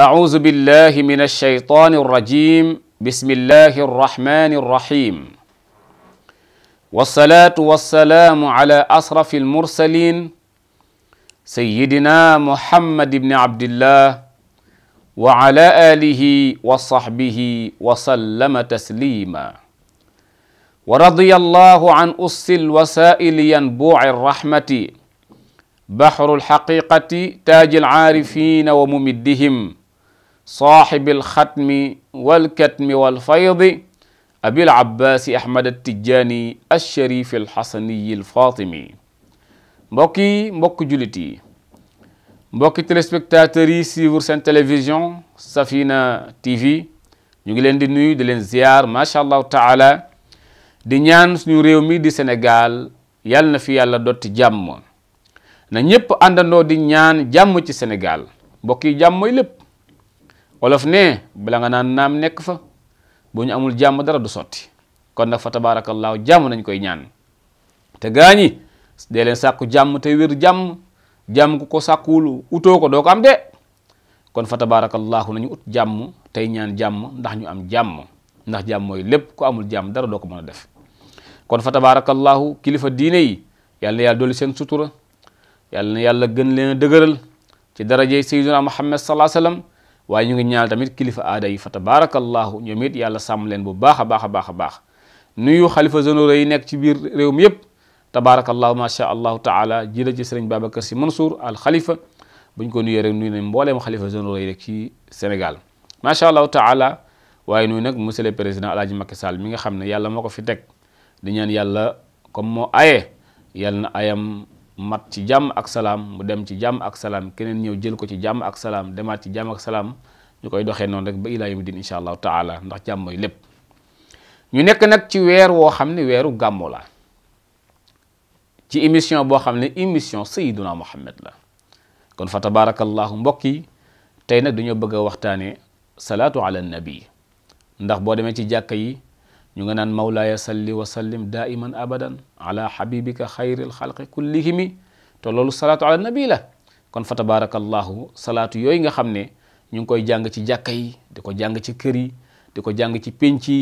أعوذ بالله من الشيطان الرجيم بسم الله الرحمن الرحيم والصلاة والسلام على أشرف المرسلين سيدنا محمد بن عبد الله وعلى آله وصحبه وسلم تسليما ورضي الله عن أس الوسائل ينبوع الرحمة بحر الحقيقة تاج العارفين وممدهم saaxibil xatmi walkatmi walfaydi abil abbaasi ahmad attijjaani alsharif alxasaniyi alfatimi mbokk yi mbokk julit yi mbokki téléspectateurs yi suivre seen télévision Safina TV ñu ngi leen di nuyu di leen ziyaar macha allahu taala di ñaan suñu réew mi di Sénégal yàlla na fi yàlla dotti jàmm na ñépp àndandoo di ñaan jàmm ci Sénégal mbokk yi jàmm olof ne bala nga naan naam nekk fa bu ñu amul jàmm dara du sotti kon nag fa tabaarakallaahu jàmm nañ koy ñaan te gaañi dee leen sàkku jàmm te wér jàmm jàmm ko sàkkuwul utoo ko doo ko am de kon fa tabaarakallaahu nañu ut jàmm tey ñaan jàmm ndax ñu am jàmm ndax jàmm mooy lépp ku amul jàmm dara doo ko mën a def kon fa tabaarakallaahu kilifa diine yi yàlla na yàlla dolli seen sutura yàlla na yàlla gën leen a dëgëral ci darajey sayyiduna muhammad salaa waaye ñu ngi ñaal tamit kilifa aada yi fa tabaarakallaahu ñoom it yàlla sàmm leen bu baax a baax a baax a nuyu xalifa généraux yi nekk ci biir réew mi yëpp tabaarakallaahu macha allahu taala jële ci sëriñ Babacar Sy Mansour al xalifa buñ ko nuyee rek nuyu nañ mbooleem xalifa généraux yi rek ci Sénégal macha allahu taala waaye nuyu nag monsieur le président Alaaji Macky Sall mi nga xam ne yàlla moo ko fi teg di ñaan yàlla comme moo aye yàlla na ayam mat ci jàmm ak salaam mu dem ci jàmm ak salaam keneen ñëw jël ko ci jàmm ak salaam demaat ci jàmm ak salaam ñu koy doxee noonu rek ba ilaa yawmi din incha allahu taala ndax jàmm mooy lépp ñu nekk nag ci weer woo xam ne weeru gàmmu la ci émission boo xam ne émission sayiduna muhammad la kon fa tabarakallahu mbokk yi tey nag dañoo bëgg a waxtaane salaatu ala nabi ndax boo demee ci jàkka yi ñu nga naan mawlaaya salli wa sallim daiman abadan ala habibika xayril xalqi kullihimi te loolu salaatu ala nabi la kon fa tabaarakallahu salaatu yooyu nga xam ne ñu ngi koy jàng ci jàkka yi di ko jàng ci kër yi di ko jàng ci pénc yi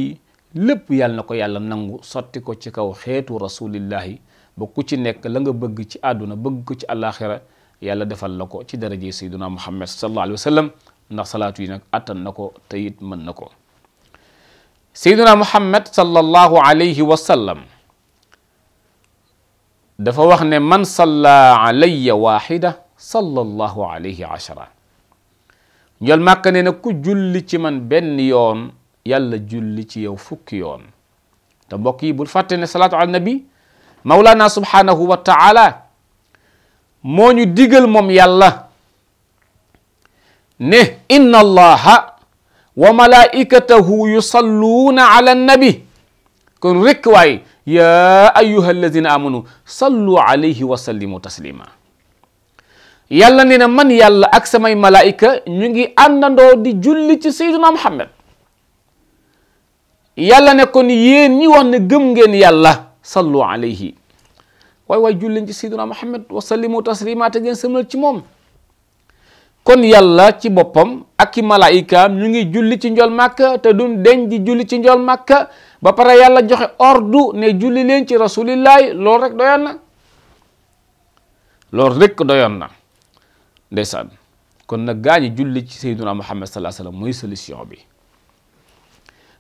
lépp yàlla na ko yàlla nangu sotti ko ci kaw xeetu rasulillahi ba ku ci nekk la nga bëgg ci àdduna bëgg ko ci àllaaxira yàlla defal la ko ci daraje sayduna muhammad sallallahu alayhi wa sallam ndax salaatu yi nag attan na ko te it mën na ko seyduna muhammad sallallahu alayhi wa sallam dafa wax ne man salla alayya waxida sallallahu alayhi ashara njol màkk ne na ku julli ci man benn yoon yàlla julli ci yow fukki yoon te mbokk yi bul fàtte ne salaatu ala nabi maulana subhanahu wa taala moo ñu digal moom yàlla ne inna allaha wa malaikatahu yusalluuna ala annabi kon rekk waay ya ayuha alladina amanu sallu alayhi wa sallimu taslima yàlla ne na man yàlla ak samay malaika ñu ngi àndandoo di julli ci sayduna muhammad yàlla ni kon yéen ñi wax ne gëm ngeen yàlla sallu alayhi waay waay julleen ci sayduna muhammad wa sallimu taslima te ngeen sëmal ci moom kon yàlla ci boppam ak i malaayikaam ñu ngi julli ci njol màkka te duñ deñ julli ci njol màkka ba pare yàlla joxe ordre ne julli leen ci rasulillahi loolu rek doyoon na loolu rek doyoon na ndeysaan kon nag gaañi julli ci sayyiduna muhammad sallallahu wasallam mooy solution bi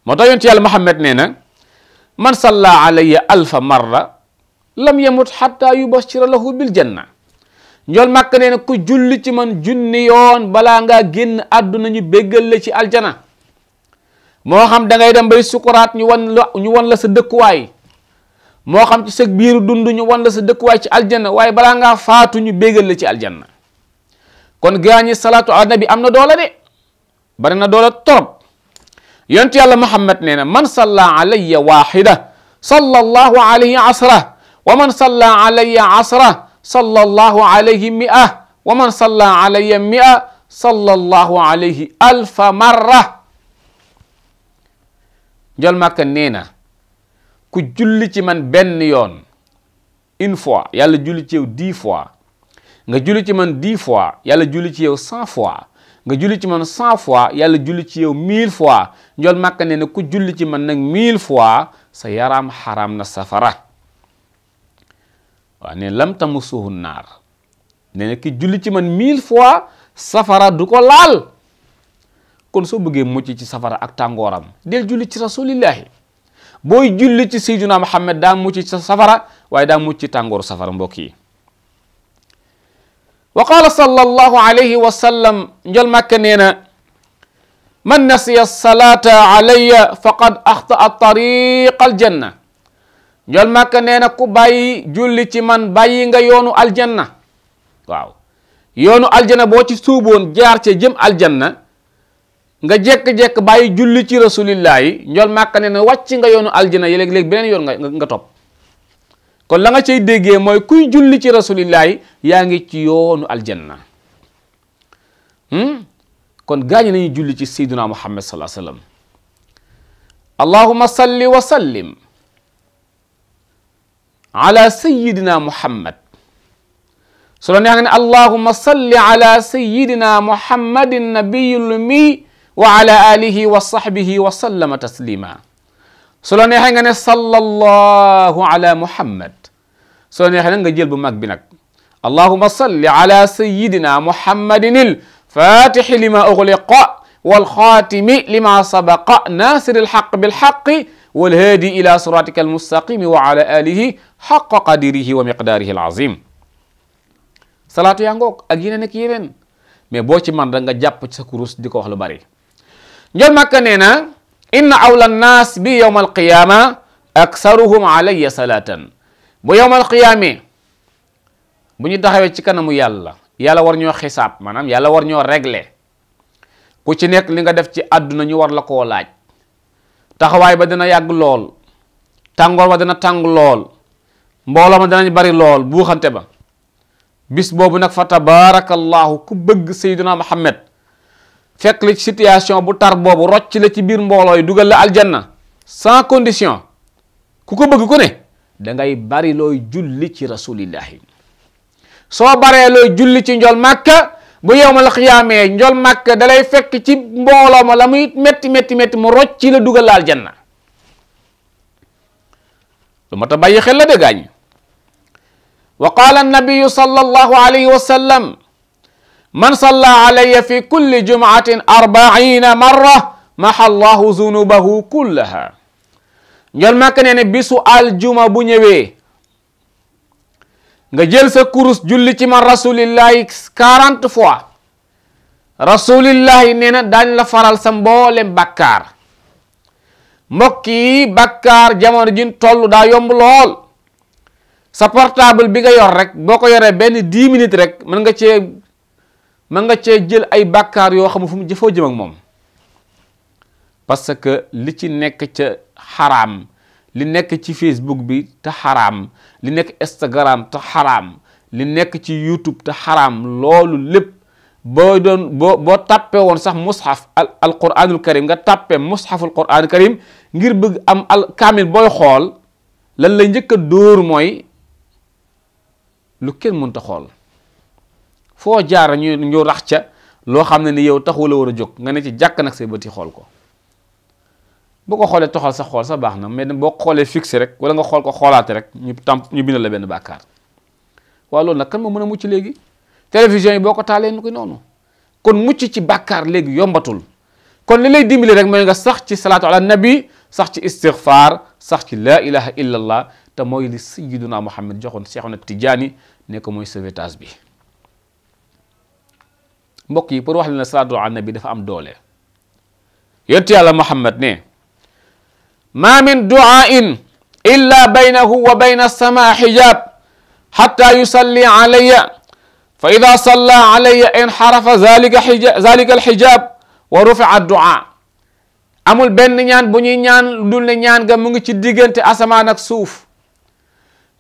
moo tax yonent yàlla muhammad nee na man salla alayya alfa marra lam yamut xatta yubashira lahu bil janna njool màkk nee na ku julli ci man junni yoon balaa ngaa génn àdduna ñu béggal la ci aljana moo xam da ngay dem bay sukuraat ñu wan la ñu wan la sa dëkkuwaay moo xam ci sa biiru dund ñu wan la sa dëkkuwaay ci aljanna waaye balaa ngaa faatu ñu béggal la ci aljanna kon gaañi salaatu ala am na doola de bari na doola torop yontu yàlla muhammad nee na man salla alayya waxida sallallahu alayhi asra wa man salla alayya asra salla allahu alayhi mi'a wa man salla alayya mi'a salla allahu alayhi alfa marra njol màkka nee na ku julli ci man benn yoon une fois yàlla julli ci yow dix fois nga julli ci man dix fois yàlla julli ci yow cent fois nga julli ci man cent fois yàlla julli ci yow mille fois njol màkka nee na ku julli ci man nag mille fois sa yaram xaram na safara waaw ne lam tamusuhu naar ne ki julli ci man mille fois safara du ko laal kon soo bëggee mucc ci safara ak tàngooram del julli ci rasulillahi booy julli ci sayyiduna Muhammad daa mucc ci safara waaye daa mucc ci tàngooru safara mbokk yi wa qaala sallallahu alayhi wa sallam njol màkka man nasiya salata alayya faqad axtaa tariqa aljanna njol màkka nee na ku bàyyi julli ci man bàyyi nga yoonu aljanna waaw yoonu aljanna boo ci suuboon jaar ca jëm aljanna nga jekk-jekk bàyyi julli ci rasulillah yi njol màkka nee na wàcc nga yoonu aljanna yi léeg-léeg beneen yoon nga nga topp kon la nga cay déggee mooy kuy julli ci rasulillah yaa ngi ci yoonu aljanna hmm? kon gaañi nañu julli ci sayduna muhammad salaa sallam wa sallim ala sayidina muhammad su la neex nga ne allahuma salli ala sayidina muhammadin nabiyul mi wa ala alihi wa sahbihi wa sallama taslima su la neexee nga ne sallallahu ala muhammad su la neexee nag nga jël bu mag bi nag allahuma salli ala sayidina muhammadin il fatixi lima uxliqa walxaatimi lima sabaqa nasiri alxaq bilxaqi والهادي إلى صراطك المستقيم وعلى آله حق قدره ومقداره العظيم salaatu yaa ak yeneen ak yeneen mais boo ci man da nga jàpp ci sa kurus di ko wax lu bari njol Makka nee na inna awla nnaas bi yowma alqiyaama aksaruhum alayya salaatan bu yowma alqiyaame bu ñu taxawee ci kanamu yàlla yàlla war ñoo xisaab maanaam yàlla war ñoo régler ku ci nekk li nga def ci àdduna ñu war la koo laaj taxawaay ba dana yàgg lool tàngoor ba dana tàng lool mbooloo ma dinañ bari lool buuxante ba bis boobu nag fa tabaarakallaahu ku bëgg sayduna muhammad fekk la ci situation bu tar boobu rocc la ci biir mbooloo yi dugal la aljanna sans condition ku ko bëgg ku ne dangay bari looy julli ci rasulillahi soo baree looy julli ci njol màkka bu yowmal xiyaamee njol màkk dalay fekk ci mbooloo ma la muy métti métti métti mu rocc la dugal laal janna lu mat a bàyyi xel la dëggaañ wa qaala annabiyu sallallahu alayhi man salla alayya fi kulli jumaatin arbaina marra maxa allahu zunubahu kullaha nga jël sa kurus julli ci man rasulillahi quarante fois rasulillahi nee na daañ la faral sa mboolem bàkkaar mbokk yi bàkkaar jamono jin toll daa yomb lool sa portable bi nga yor rek boo ko yoree benn dix minutes rek mën nga cee mën nga cee jël ay bàkkaar yoo xam fu mu jëfoo jëm ak moom parce que li ci nekk ca xaraam li nekk ci Facebook bi te xaram li nekk Instagram te xaram li nekk ci YouTube te xaram loolu lépp boo doon boo boo tàppe woon sax mushaf al alquranul nga tàppe mushaful quranul karim ngir bëgg am al kaamil booy xool lan lay njëkk a dóor mooy lu kenn mënta xool foo jaar ñu ñu rax ca loo xam ne ni yow taxu la war a jóg nga ne ci jàkk nag say bët yi xool ko boo ko xoolee toxol sa xool sa baax na mais boo xoolee fixé rek wala nga xool ko xoolaate rek ñu tamp ñu bindal la benn bàkkaar waaw loolu nag kan moo mën a mucc léegi télévision yi boo ko taalee nu ko noonu kon mucc ci bàkkaar léegi yombatul kon li lay dimbali rek mooy nga sax ci salaatu ala nabi sax ci istighfar sax ci laa ilaha illallah te mooy li sayyiduna Muhammad joxoon Seexuna Tijaani ne ko mooy sauvetage bi mbokk yi pour wax leen ne salaatu ala nabi dafa am doole yonent yàlla Muhammad ne ma min du'ain illa baynahu wa bayna as-samaa hijab hatta yusalli alayya fa ida salla alayya inxarafa zalika hija zalika alhijab wa amul benn ñaan bu ñuy ñaan dul ne ñaan ga mu ngi ci diggante asamaan ak suuf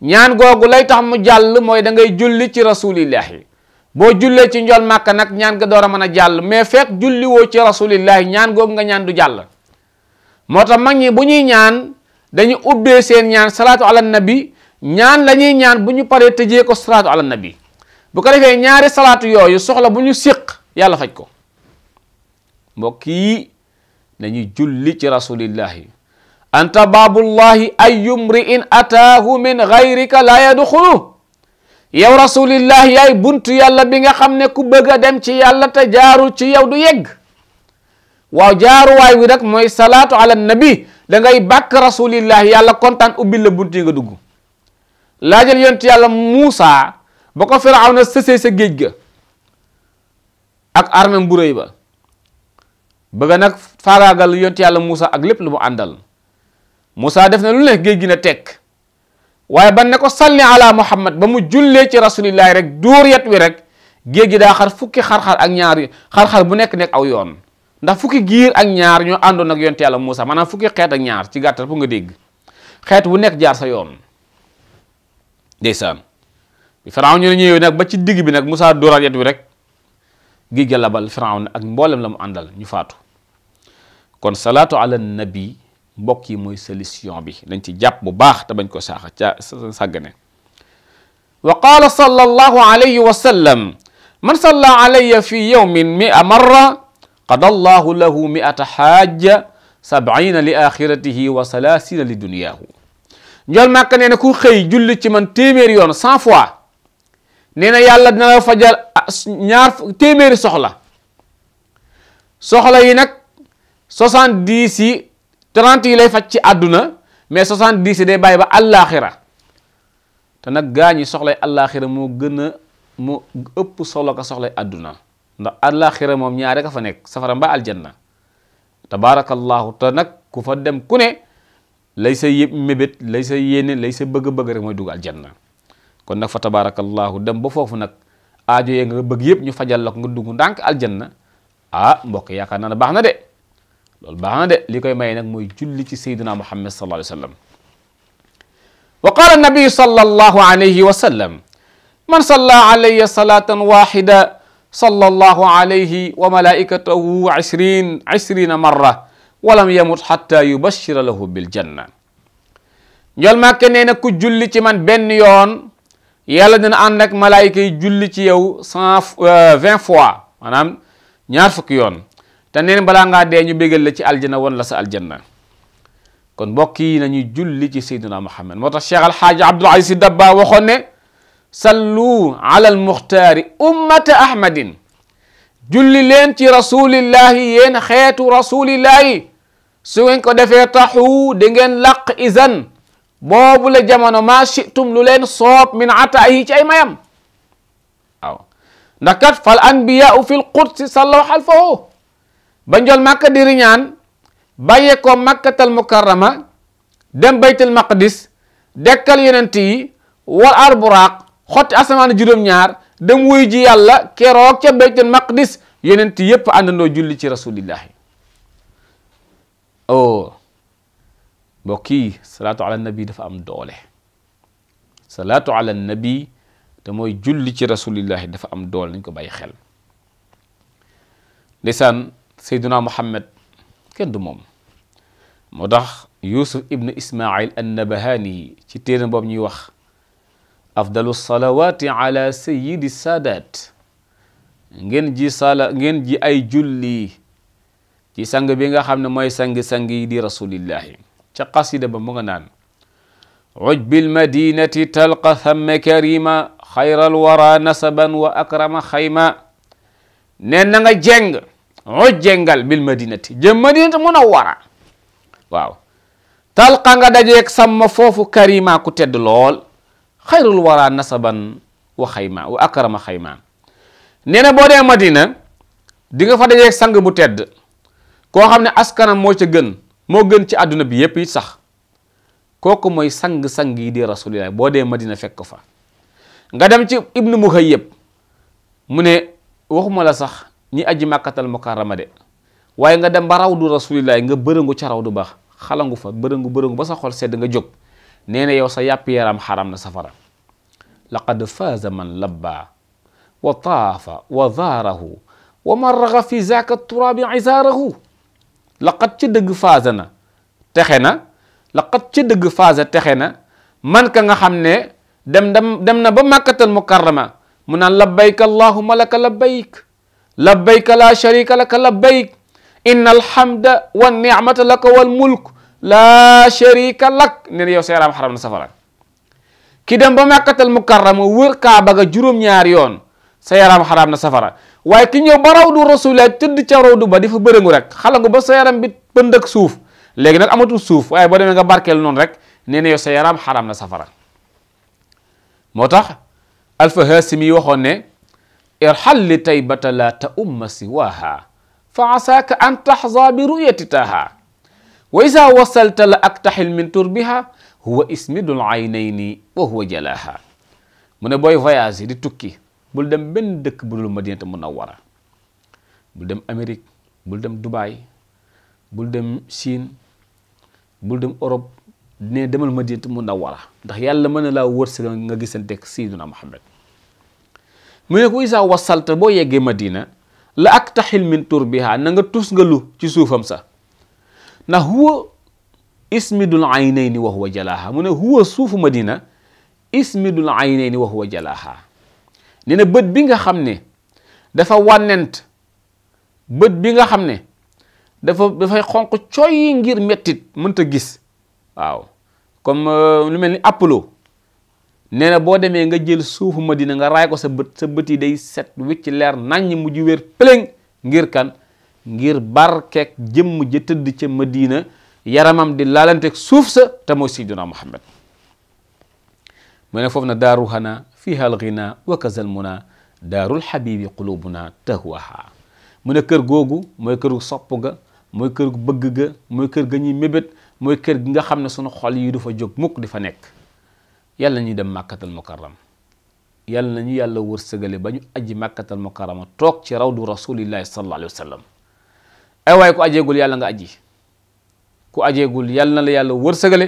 ñaan googu lay tax mu jàll mooy da ngay julli ci rasulillahi boo jullee ci njool màkka nag ñaan ga door a mën a jàll mais fekk julli woo ci rasulillahi ñaan googu nga ñaan du jàll moo tax mag ñi bu ñuy ñaan dañu ubbee seen ñaan salaatu ala nabi ñaan lañuy ñaan bu ñu paree tëjee ko salaatu ala nabi bu ko defee ñaari salaatu yooyu soxla bu ñu siq yàlla faj ko mbokk yi nañu julli ci rasulillahi anta baabullahi ayu mriin ataahu min gayrika laa yadxulu yow rasulillahi yaay buntu yàlla bi nga xam ne ku bëgg a dem ci yàlla te jaarul ci yow du yegg waaw jaaruwaay wi rek mooy salaatu ala nabi da ngay bàkk rasulillah yàlla kontaan ubbil la bunti nga dugg laajal yonent yàlla Muusa ba ko na sësee sa géej ga ak armée bu rëy ba bëgg nag faagaagal yonent yàlla Muusa ak lépp lu mu àndal Muusa def na lu ne géej gi na tekk waaye ban ne ko salli ala Muhammad ba mu jullee ci rasulillahi rek dóor yet wi rek géej gi daa xar fukki xar-xar ak ñaari xar-xar bu nekk nekk aw yoon ndax fukki giir ak ñaar ñoo àndoon ak yonte yàlla Moussa a fukki xeet ak ñaar ci gàttal fu nga dégg xeet bu nekk jaar sa yoon ndeysaan bi Firawn ñu ne ñëwee nag ba ci digg bi nag musaa dóoraat yet wi rek géej ga labal Firawn ak mboolem la mu àndal ñu faatu kon salaatu ala nabi mbokk yi muy solution bi dañ ci jàpp bu baax te bañ ko saaxa ca wa qaala sallallahu alayhi wa man salla alayya fi yawmin mi a marra qadallahu lahu miata xaaja sabina li axiratihi wa salaasina li duniyaahu njool màkk nee na ku xëy julli ci man téeméeri yoon cent fois nee na yàlla dina la fajal ah, ñaar téeméeri soxla soxla yi nag soixante dix yi trente yi lay faj ci àdduna mais soixante dix yi day bàyyi ba àllaaxira te nag gaa ñi soxlay àllaaxira moo gën a moo ëpp solo ko soxlay àdduna ndax àllaaxira moom ñaar rek a fa nekk safara mbaa aljanna tabaarakallaahu te nag ku fa dem ku ne lay sa yëpp mébét lay sa yéene lay sa bëgg-bëgg rek mooy dugg aljanna kon nag fa tabaarakallaahu dem ba foofu nag aajo yee nga bëgg yëpp ñu fajal la ko nga dugg ndànk aljanna ah mbokk yaakaar naa ne baax na de loolu baax na de li koy nag mooy julli ci sayduna muhammad sallallahu alayhi wa sallam wa qaala nabiyu wa sallam man salla alayya salatan waxida sallallahu alayhi wa malaikatahu ishrin ishrina marra walam yamut hatta yubashira lahu bil janna njol màkke nee na ku julli ci man benn yoon yàlla dina ànd ak malaayika yi julli ci yow cent euh, vingt fois maanaam ñaar fukki yoon te neen balaa ngaa dee ñu bégal la ci aljanna wan la sa aljanna kon mbokk yi nañu julli ci sayduna muhammad moo tax cheikh alxaaji si dabba waxoon sallu ala almuxtaari ummata ahmadin julli leen ci rasulillahi yéen xeetu rasulillahi su ngeen ko defee taxu da ngeen laq izan boobu la jamono maa shitum lu leen soob min ataahi ci ay mayam waaw ndax kat fal fi l qudsi sallaw xalfahu ba di riñaan bàyyee ko makkatal mukarrama dem baytul maqdis dekkal yonent yi wal xotti asamaan juróom-ñaar dem wuy ji yàlla keroog ca baytul maqdis yonent yépp àndandoo julli ci rasulillahi oh mbokk yi salaatu ala nabi dafa am doole salaatu ala nabi te mooy julli ci rasulillahi dafa am doole nañ ko bàyyi xel ndeysaan sayduna muhammad kenn du moom moo tax yusuf ibnu ismail an nabahani ci téere boobu ñuy wax afdalu salawaati ala sayyidi saadaat ngeen ji sala ngeen ji ay julli ci sang bi nga xam ne mooy sang-sang yi di rasulillahi ca qasida ba mu nga naan uj bil madinati talqa thamma karima xayral wara nasaban wa akrama xayma ne na nga jeng uj jengal bil madinati jëm madinati munawwara waaw talqa nga dajeeg sama foofu karima ku tedd lool xayrul wara nasaban wa xayma wa akrama xayma nee na boo dee madina di nga fa dajeeg sang bu tedd koo xam ne askanam moo ca gën moo gën ci àdduna bi yépp it sax kooku mooy sang-sang yi di rasulillah boo dee madina fekk ko fa nga dem ci ibnu yépp mu ne waxuma la sax ñi aji màkkatal mukarrama de waaye nga dem ba raw du rasulillah nga bërëngu ca raw du baax xalangu fa bërëngu bërëngu ba sa xol sedd nga jóg neena yow sa yàpp yaram xaram na safara laqad faaza man labba wa taafa wa zaarahu wa marraxa fi zaaka turaabi isaarahu laqad ca dëgg faaza na texe na laqad ca dëgg faaza texe na man ka nga xam ne dem dem na ba màkkatal mukarrama mu naan allahuma laka labbayk labbayka la sharika laka labbayk inna alhamda wa nicmata laka wal mulk laa sharika lak ne na yow sa yaram xaram na safara ki dem ba màkkatal mukarrama wër kaaba ga juróom-ñaar yoon sa yaram xaram na safara waaye ki ñëw ba raw du rasulaay tëdd ca raw du ba di fa bërëngu rek xalangu ba sa yaram bi pënd ak suuf léegi nag amatul suuf waaye ba demee nga barkeel noonu rek nee na yow sa yaram xaram na safara moo tax alfa haasimi yi waxoon ne irxal li taybata la ta umma siwaha fa asaaka an taxza bi ruyati taha wa isa wasalta la aktaxil min turbiha huwa ismidul aynayni wa huwa jalaaha mu ne booy voyage di tukki bul dem benn dëkk bu dul madinatu munawwara bul dem Amérique bul dem Dubaay bul dem Chine bul dem Europe ne demal madinatu munawwara ndax yàlla mën na laa wërsëgal nga gisante ak Seydina Muhammad mu ne ko isa wasalta boo yeggee madina la ak aktaxil min turbiha na nga tus nga lu ci suufam sa ndax huwa ismidul aynayni wa huwa jalaaha mu ne huwa suufu madina ismidul aynayni wa huwa jalaaha ne na bët bi nga xam ne dafa wànnent bët bi nga xam ne dafa dafay xonq cooy ngir mettit ta gis waaw comme euh, lu mel ni Apollo nee na boo demee nga jël suufu madina nga raay ko sa bët sa bët yi day set wicc leer nañ naññ mujj wér pëlëng ngir kan ngir barkeek jëmm ja tëdd ca Madina yaramam di laalanteeg suuf sa te mooy Seydina Muhammad mu ne foofu na daaru xanaa fiha alghina wa kazal muna daarul xabibi qulubuna tahwaha mu ne kër googu mooy këru sopp ga mooy kër gu bëgg ga mooy kër ga ñuy mébét mooy kër gi nga xam ne sunu xol yi du fa jóg mukk di fa nekk yàlla ñuy dem màkkatal mukarram yàlla na ñu yàlla wërsëgale ba ñu aji màkkatal mukarrama toog ci raw rasulillahi sallallahu alayhi ay waaye ku ajeegul yàlla nga aji ku ajeegul yàlla na la yàlla wërsëgale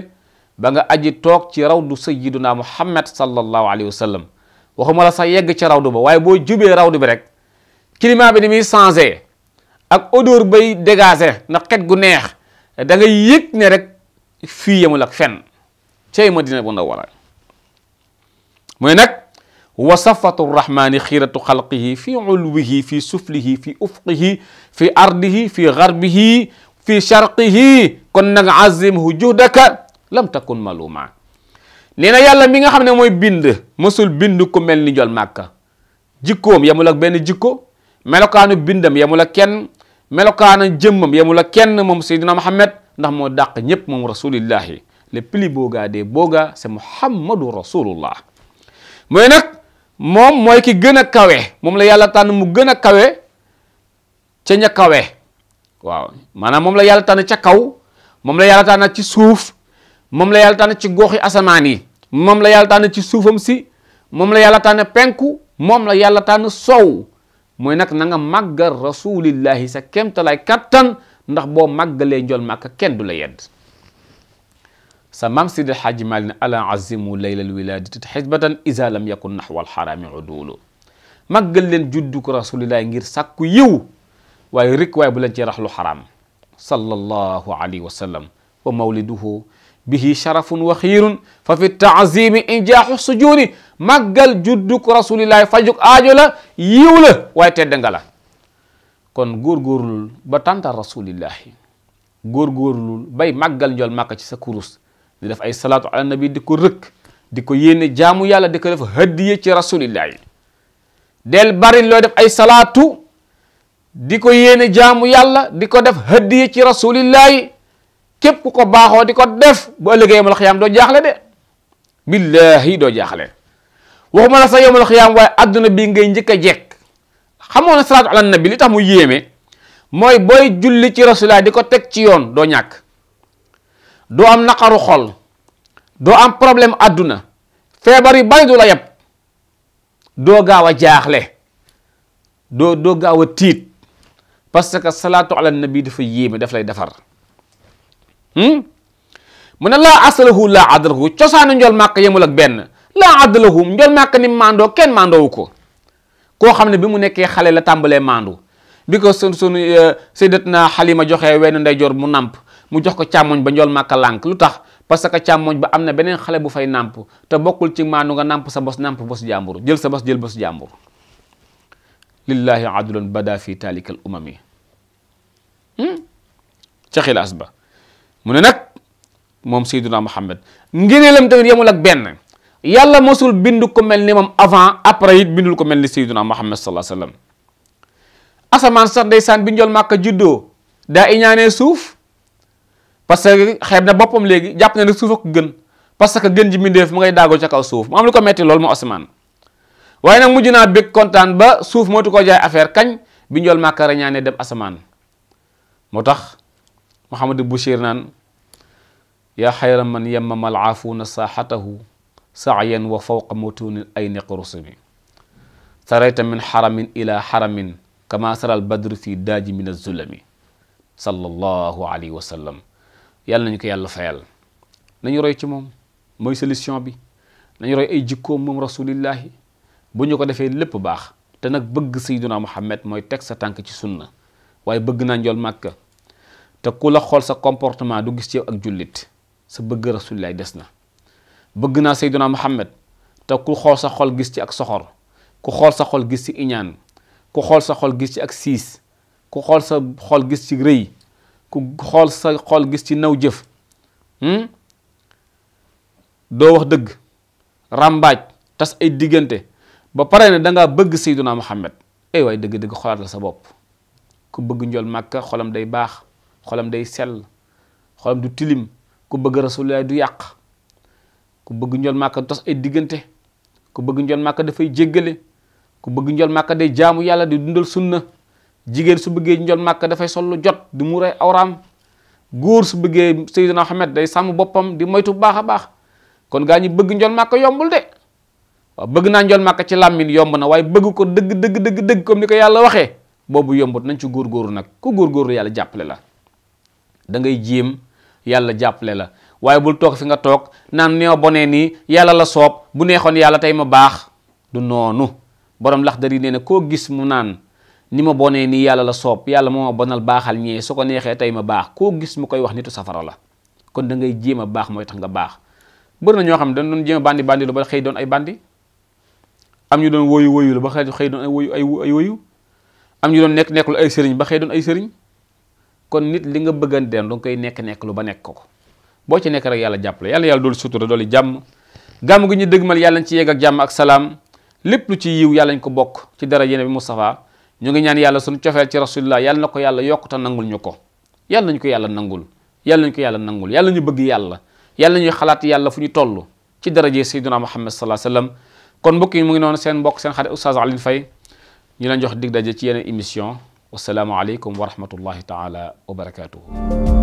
ba nga aji toog ci raw rawdu sayyiduna muhammad sallallahu alayhi wa sallam waxuma la sax yegg ci rawdu ba waaye boo jubee rawdu bi rek climat bi ni muy changé ak odoor bay dégagé na xet gu neex da nga yëg ne rek fii yemul ak fenn cey Madina bu ndaw wala mooy nag wa safatu rrahmani xiiratu xalqihi fi ulwihi fi suflihi fi ufqihi fi ardihi fi garbihi fi sharqihi kon nag azimhu juhdaka lam takun maluma nee na yàlla mi nga xam ne mooy bind mësul bind ku mel ni jol màkka jikkoom yemul ak benn jikko melokaanu bindam yemul ak kenn melokaanu jëmmam yemul ak kenn moom seydina Muhammad ndax moo dàq ñépp moom rasulillahi le plus beau gars des beaux gars c'est Muhammadu rasulullah mooy nag moom mooy ki gën a kawe moom la yàlla tànn mu gën a kawe ca ña kawe waaw maanaam moom la yàlla tànn ca kaw moom la yàlla tànn ci suuf moom la yàlla tànn ci goxi asamaan yi moom la yàlla tànn ci suufam si moom la yàlla tànn penku moom la yàlla tànn soow mooy nag na nga màggal rasulillahi sa kéemtalaay kattan ndax boo màggalee njool màkk kenn du la yedd sa maam Sidi Xaaji Maalik ne ala azimu laylal wilaadati xisbatan iza lam yakun naxwal xaraami uduulu màggal leen juddu ko rasulillahi ngir sàkku yiw waaye rik waaye bu leen ci raxlu xaraam sallallahu alayhi wa sallam wa mawliduhu bihi sharafun wa xiirun fa fi taazimi injaaxu sujuuni màggal judduk rasulillahi fajuk aajo la yiw la waaye tedd nga la kon góorgóorlul ba tàntal rasulillahi góorgóorlul bay màggal njool màkka ci sa kurus di def ay salaatu ala nabi di ko rëkk di ko yéene jaamu yàlla di ko def hadiye ci rasulillahi del bari looy def ay salaatu di ko yéene jaamu yàlla di ko def hadiye ci rasulillahi képp ku ko baaxoo di ko def bu ëllëgee yowmal xiyaam doo jaaxle de billahi doo jaaxle waxuma la sa yowmal xiyaam waaye adduna bi ngay njëkk a jekk xamoon na salaatu ala nabi li tax mu yéeme mooy booy julli ci rasulillahi di ko teg ci yoon doo ñàkk doo am naqaru xol doo am problème àdduna feebar yi bari du la yeb doo gaaw a jaaxle doo doo gaaw a tiit parce que salaatu ala nabi dafa yéeme daf lay defar hmm? mu ne laa asalahu laa adlahu cosaan njol màkk yemul ak benn laa adlahu njol màkk ni mandoo kenn mandoowu ko koo xam ne bi mu nekkee xale la tàmbalee mandu bi ko sun sunu eh, sayyidatna Halima joxee wenn ndeyjoor mu namp mu jox ko càmmoñ ba njool màkka lank lu tax parce que càmmoñ ba am na beneen xale bu fay namp te bokkul ci maanu nga nàmp sa bos namp bosu jàmbur jël sa bos jël bosu jàmbur lillaahi adulun bada fi taalikal umami hmm? ca xilaas ba mu ne nag moom sayduna muhammad ngëneelam tamit yemul ak benn yàlla mosul bind ko mel ni moom avant après it bindul ko mel ni sayduna muhammad salaa sallam asamaan sax ndeysaan bi njool màkka juddoo daa iñaanee suuf parce que xeeb na boppam léegi jàpp na ne suuf ak gën parce que gën ji mbindeef mu ngay daagoo ca kaw suuf mu am lu ko metti loolu ma Ousmane waaye nag mujj naa bég kontaan ba suuf mootu ko jaay affaire kañ bi njool màkkara ñaanee dem asamaan moo tax Mouhamadou Bouchir naan yaa xayra man yemmama al aafuuna saaxatahu saayan wa fawqa mutuunil ayni qurusumi sarayta min xaramin ila xaramin kama saral badru fi daaji min azulami sallallahu alayhi wa sallam yàlla nañu ko yàlla fayal nañu roy ci moom mooy solution bi nañu roy ay jikkoom moom rasulillahi bu ñu ko defee lépp baax te nag bëgg sayduna muhammad mooy teg sa tànk ci sunna waaye bëgg naa njool màkka te ku la xool sa comportement du gis ci ak jullit sa bëgg rasulillahi des na bëgg naa sayduna muhammad te ku xool sa xol gis ci ak soxor ku xool sa xol gis ci iñaan ku xool sa xol gis ci ak siis ku xool sa xol gis ci rëy ku xool sa xool gis ci naw jëf hmm? doo wax dëgg ràmbaaj tas ay diggante ba pare ne da ngaa bëgg sayduna muhammad ay eh waay dëgg-dëgg xoolaatal sa bopp ku bëgg njool màkka xolam day baax xolam day sel xolam du tilim ku bëgg rasulullah du yàq ku bëgg njool màkka du tas ay diggante ku bëgg njool makka dafay jéggale ku bëgg njool màkka day jaamu yàlla di dundal sunna jigéen su bëggee njool màkk dafay sol lu jot di muuray awraam góor su bëggee Seydina Muhammad day sàmm boppam di moytu baax a baax kon gaa ñi bëgg njool màkk yombul de bëgg naa njool màkk ci làmmiñ yomb na waaye bëgg ko dëgg dëgg comme ni ko yàlla waxee boobu yombut nañ ci góor góorgóorlu nag ku góorgóorlu yàlla jàppale la da ngay jéem yàlla jàppale la waaye bul toog fi nga toog naan neew bonee nii yàlla la soob bu neexoon yàlla tey ma baax du noonu borom lax dari nee na koo gis mu naan ni ma bonee ni yàlla la soob yàlla moo ma bonal baaxal ñee su ko neexee tey ma baax koo gis mu koy wax nitu safara la kon da ngay jéem a baax mooy tax nga baax bëri na ñoo xam ne dañ doon jéem bandi bandi lu ba xëy doon ay bandi ñu doon woyu woyu lu xëy xëy doon woyu ay woyu am ñu doon nekk nekk ay sëriñ ba xëy doon ay sëriñ kon nit li nga bëggan den danga koy nekk nekk lu ba nekk ko boo ci nekk rek yàlla jàppale yàlla yàlla doolu sutura doolu jàmm gàmm gi ñu dëgmal yàlla ñu ci yegg ak jàmm ak salaam lépp lu ci yiw yàlla ñu ko bokk ci dara yéene bi Moustapha ñu ngi ñaan yàlla suñu cofeel ci rasulillah yàlla na ko yàlla yokkuta nangul ñu ko yàlla nañu ko yàlla nangul yàlla nañu ko yàlla nangul yàlla ñu bëgg yàlla yalla ñuy xalaat yàlla fu ñu toll ci daraje sayyiduna muhammad sallallahu alayhi wasallam kon mbokk yi mu ngi noonu seen mbokk seen xarit oustaz Alioune fay ñu leen jox dig daje ci yeneen émission wasalaamu aleykum wa rahmatullahi taala wa barakatuhu